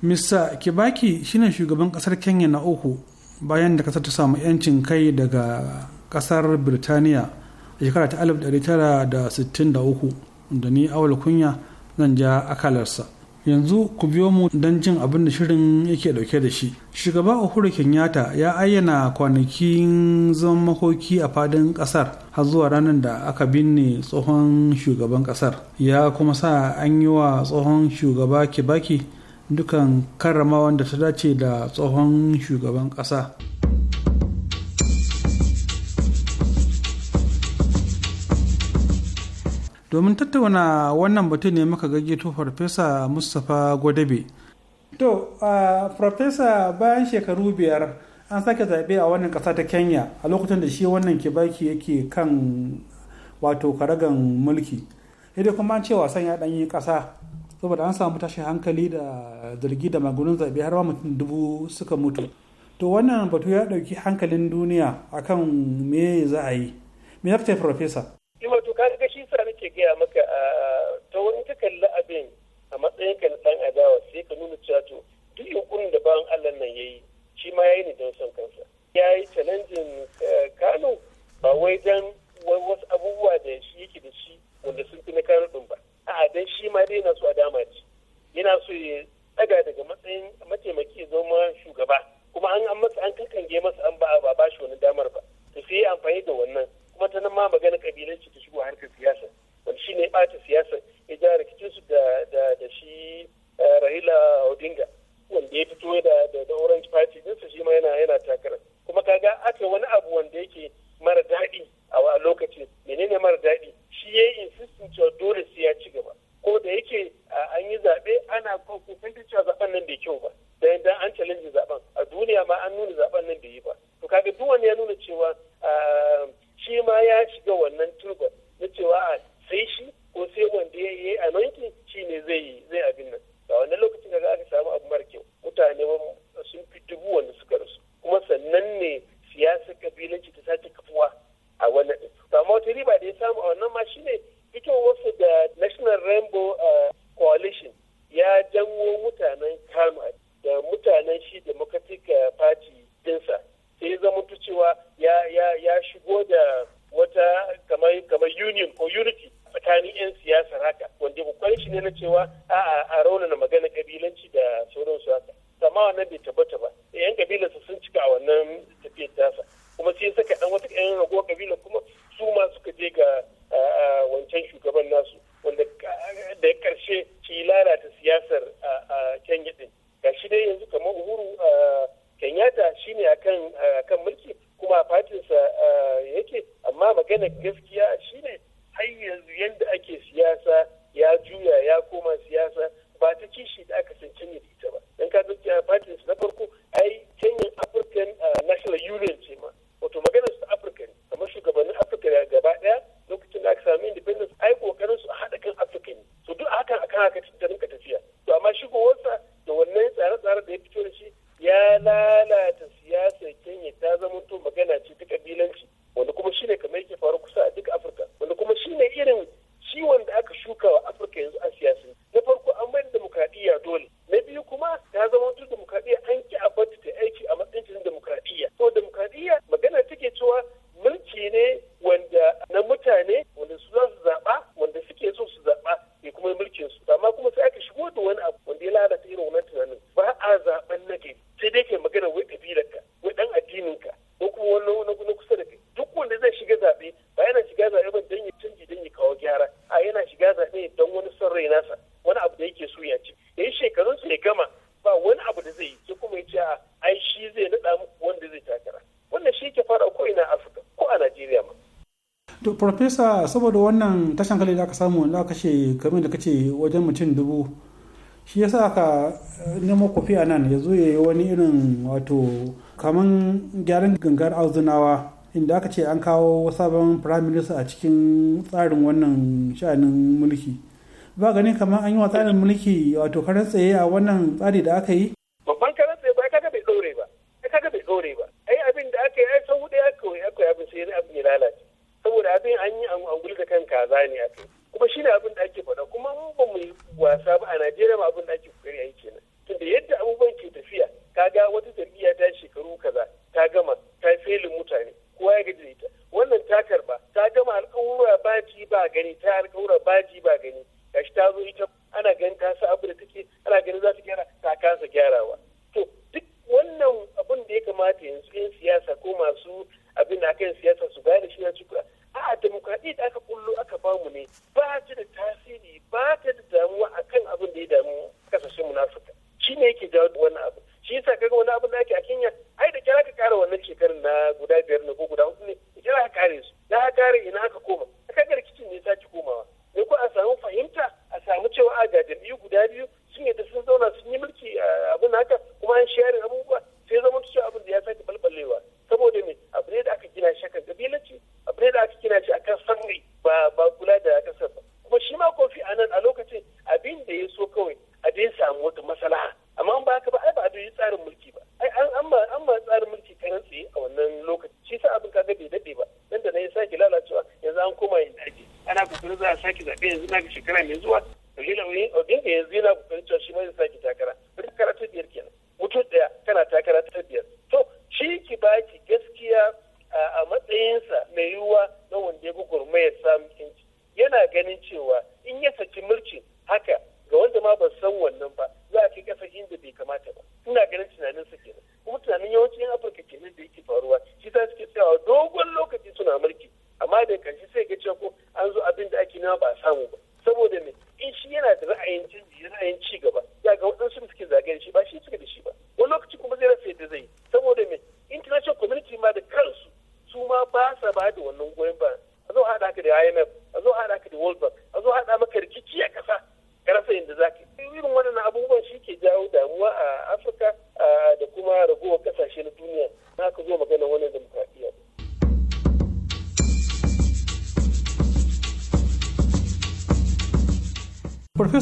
S5: Mista kibaki shine shugaban ƙasar kenya na uku bayan da kasar ta samu 'yancin kai daga kasar birtaniya a shekara ta 1963 da ni awal kunya zan ja akalarsa yanzu ku biyo mu don jin abin da shirin yake dauke da shi shugaba uhuru kenyatta ya ayyana kwanakin zaman makoki a fadin kasar har zuwa ranar da aka binne tsohon shugaban kasar ya kuma sa an yi wa tsohon shugaba kibaki dukan karrama wanda ta dace da tsohon shugaban ƙasa. domin tattauna wannan batun ne muka to farfesa mustapha gwadabe to farfesa bayan shekaru biyar an sake zaɓe a wannan ƙasa ta kenya a lokacin da shi wannan kibaki yake kan wato karagan mulki idan kuma an ce wasan ya ɗanyi ƙasa saboda an samu tashin hankali da zargi da magunan zabe har ma mutum dubu suka mutu to wannan batu ya ɗauki hankalin duniya akan me za a yi me ya fita farfesa
S11: ima to ka eh, gashi, shi sa nake gaya maka ta wani ka kalli abin a matsayin ka na dan adawa sai ka nuna cewa to duk yunkurin da bayan Allah nan yi, shi ma ya yi ni don son kansa Ya yi challenging eh, Kano ba wai don wasu abubuwa da shi yake da shi wanda sun fi na Kano ɗin ba A'a, dan shi ma dai na su a dama ce yana so ya daga daga matsayin mataimaki ya zama shugaba kuma an an masa an kankange masa an ba ba ba shi wani damar ba to sai ya amfani da wannan kuma ta nan ma magana kabilanci ta shigo harkar siyasa wanda shi ne bata siyasa ya ja rikicin su da da da shi eh, Rahila Odinga wanda ya fito da da Orange Party din shi ma yana yana takara kuma kaga aka wani abu wanda yake mara daɗi a lokacin menene mara daɗi shi ya insistin cewa dole sai ya ci gaba ko da yake an yi zaɓe ana kokarin cewa zaɓen nan bai kyau ba da yadda an challenge zaɓen a duniya ma an nuna zaɓen nan bai yi ba to kaga duk wani ya nuna cewa shi ma ya shiga wannan turban sai dai kai magana wai kabilarka wai dan addininka ko kuma wani na kusa da kai duk wanda zai shiga zaɓe ba yana shiga zabe ba dan ya canji dan ya kawo gyara a yana shiga zaɓe dan wani son rai nasa wani abu da yake so ya ci yayi shekarun su ya gama ba wani abu da zai yi sai kuma ya ce a ai shi zai naɗa muku wanda zai takara wannan shi ke fara ko ina afirka ko a najeriya ma
S5: to farfesa saboda wannan tashan kalli da aka samu da aka kashe kamar da kace wajen mutum dubu shi yasa ka nemo kofi a nan ya zo ya yi wani irin wato kamar gyaran gangar auzunawa inda aka ce an kawo sabon prime minister a cikin tsarin wannan sha'anin mulki ba gani kamar an yi wa tsarin mulki wato karan tsaye a wannan tsari da aka yi
S11: babban karan tsaye ba kaga bai dore ba kaga bai dore ba ai abin da aka yi ai sau hudu ya yi abin sai abin ya lalace saboda abin an yi an gulga kan kaza ne a kai negros de creme, zoa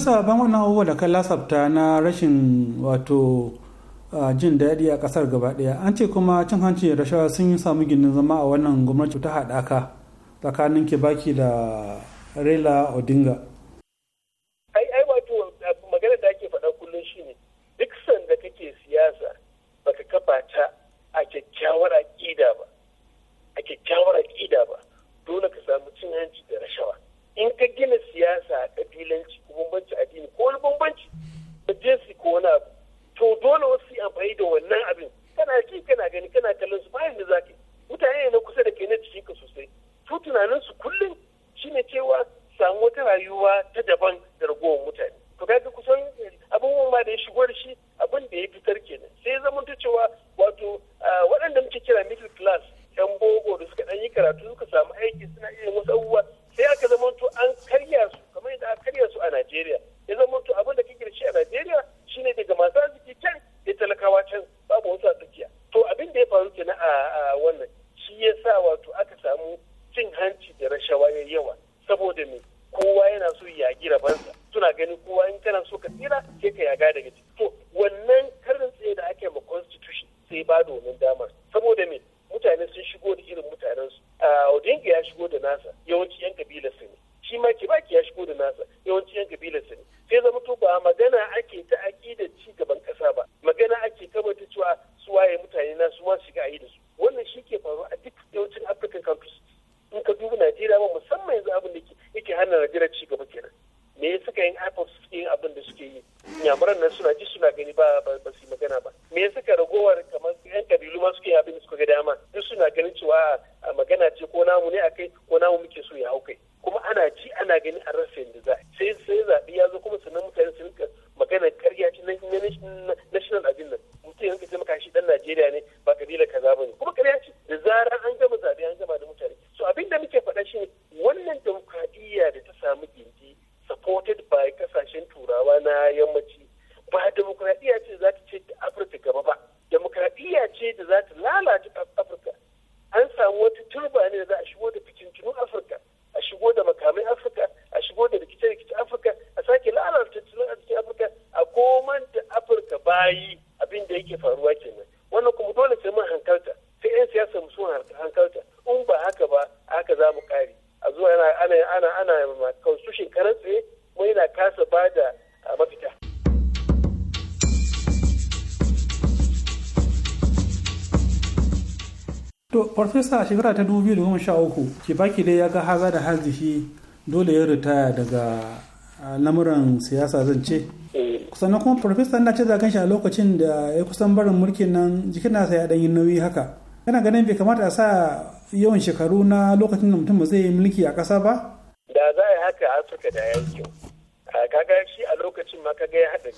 S5: sababan wannan abubuwa da kan lasafta na rashin wato jin daɗi a ƙasar gaba ɗaya an ce kuma cin hanci da rashawa sun yi samu ginin zama a wannan gwamnati ta haɗaka tsakanin kibaki da raila odinga
S11: faruwa ke nan wannan kuma dole sai mun hankalta sai 'yan siyasa mu sun hankalta in ba haka ba haka za mu kare a zuwa ana ana ana ana ma constitution karan tsaye mu yana kasa ba da mafita
S5: To, Farfesa a shekara ta uku 2013, baki dai ya ga haza da hazihi dole ya ritaya daga lamuran siyasa zance ce sannan kuma profesa na ce zagan shi a lokacin da ya kusan barin mulkin nan jikin nasa ya ɗanyi nauyi haka yana ganin bai kamata a sa yawan shekaru na lokacin da mutum zai yi mulki a ƙasa ba
S11: da za a yi haka a afirka da ya kyau kaga shi a lokacin ma kaga ya haɗari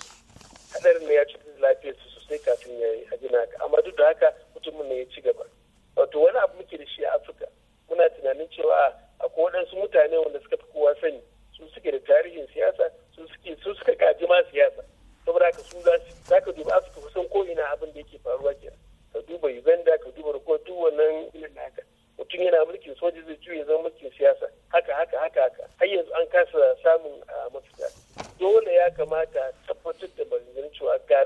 S11: haɗarin ne ya ci lafiyar su sosai kafin ya yi hajjina haka amma duk da haka mutumin ne ya ci gaba wato wani abu muke da shi a afirka muna tunanin cewa akwai waɗansu mutane wanda suka fi kowa sani su suke da tarihin siyasa su suke su suka kaji ma siyasa saboda haka su za ka duba afirka kusan ko ina abin da yake faruwa ke ka duba uganda ka duba ko duk wannan irin haka mutum yana mulkin soja zai juya zama mulkin siyasa haka haka haka haka har yanzu an kasa samun a mafita dole ya kamata tabbatar da bangaren cewa ga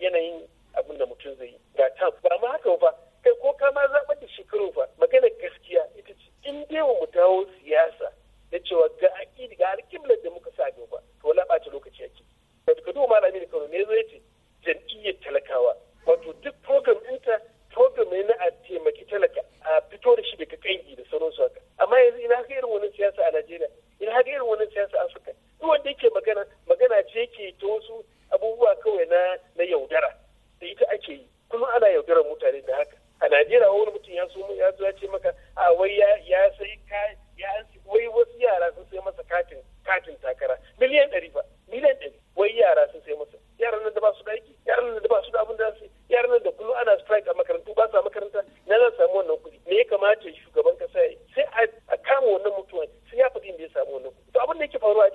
S11: yanayin abin da mutum zai yi ga ta ba ma haka ba kai ko ka ma zaɓar da shekaru fa magana gaskiya ita ce in dai mu dawo siyasa da cewa ga aƙidi ga alƙiblar da muka sa gaba to laɓata lokaci ake wato ka duba malami da kano ne zai ce jam'iyyar talakawa wato duk program ɗinta program ne na a taimaki talaka a fito da shi daga kangi da sauransu haka amma yanzu ina haka irin wani siyasa a najeriya ina haka irin wani siyasa a afirka duk wanda yake magana magana ce ke ta wasu abubuwa kawai na na yaudara da ita ake yi kuma ana yaudarar mutane da haka a najeriya wani mutum ya so ya zo ya ce maka a wai ya ya sai ka ya wai wasu yara sun sai masa katin katin takara miliyan ɗari ba miliyan ɗari wai yara sun sai masa yara nan da ba su da aiki yaran nan da ba su da abin da su yaran nan da kullum ana strike a makarantu ba sa makaranta na zan samu wannan kuɗi me ya kamata shugaban kasa ya sai a kama wannan mutuwan sai ya faɗi da ya samu wannan kuɗi to abin da yake faruwa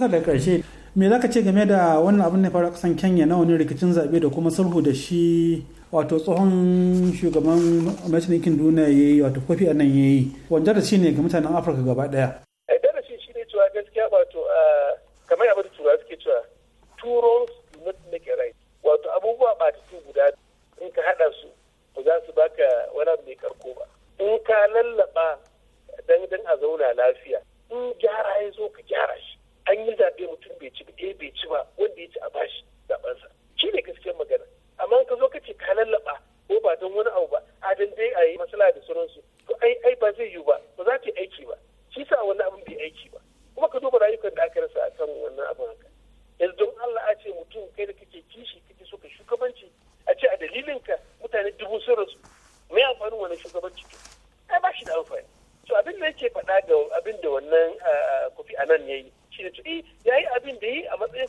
S5: Afirka da karshe me za ka ce game da wannan abin da faru kasan Kenya na wani rikicin zaɓe da kuma sulhu da shi wato tsohon shugaban majalisar duniya ya yi wato kofi a nan ya yi wanda da shi ne ga mutanen afirka gaba ɗaya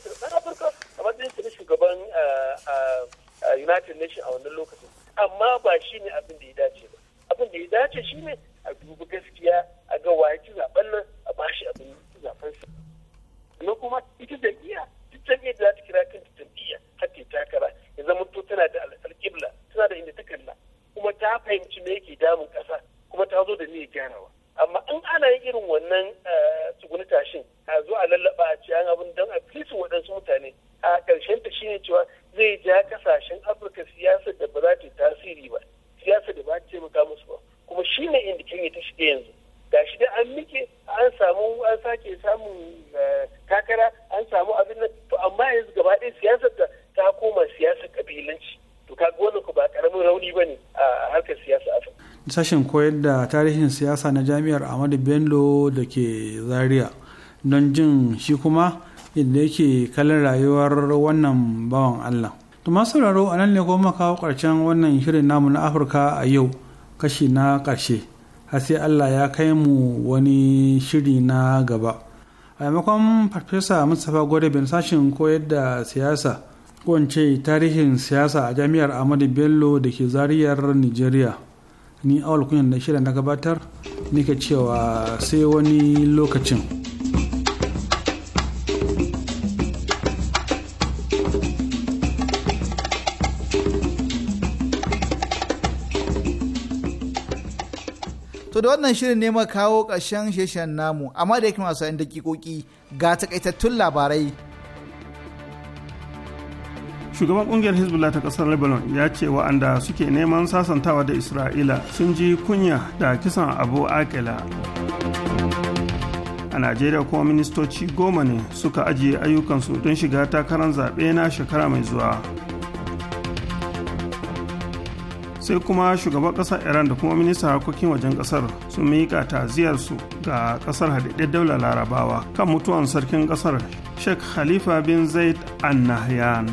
S11: majalisar ɗan afirka a matsayin shugaban eh, eh, united nations a wannan lokacin amma ba shi ne abin da ya dace ba abin da ya dace shi ne
S5: sashen koyar da tarihin siyasa na jami'ar ahmadu bello da ke zaria don jin shi kuma inda yake kallon rayuwar wannan bawan allah Tuma sauraro a nan ne kuma kawo ƙarshen wannan shirin namu na afirka a yau kashi na ƙarshe sai allah ya kai mu wani shiri na gaba a maimakon farfesa mustapha gwade bin sashen koyar da siyasa ko tarihin siyasa a jami'ar ahmadu bello da ke zariyar nijeriya. ni awal kunyan da shirin na gabatar nika cewa sai wani lokacin
S1: to da wannan shirin ne ma kawo ƙarshen sheshen namu amma da yake masu 'yan dakikoki ga takaitattun labarai
S4: shugaban kungiyar hezbollah ta kasar lebanon ya ce wa'anda suke neman sasantawa da isra'ila sun ji kunya da kisan abu akela a najeriya kuma ministoci goma ne suka ajiye ayyukansu don shiga takarar zaɓe na shekara mai zuwa sai kuma shugaban ƙasar iran da kuma ministan harkokin wajen ƙasar sun miƙa taziyarsu ga ƙasar haɗaɗɗen daular larabawa kan mutuwan sarkin ƙasar sheikh khalifa bin zaid an nahyan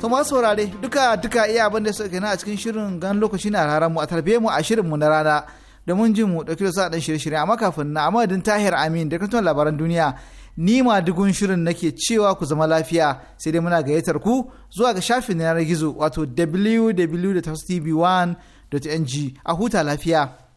S1: to saurare duka duka iya abin da suka a cikin shirin gan lokaci na raran mu a tarbe mu a shirin mu na rana domin jin mu dauki da sa dan shirye-shirye amma kafin na amadin tahir amin da kanton labaran duniya ni ma dugun shirin nake cewa ku zama lafiya sai dai muna gayyatar ku zuwa ga shafin yanar gizo wato www.tv1.ng a huta lafiya.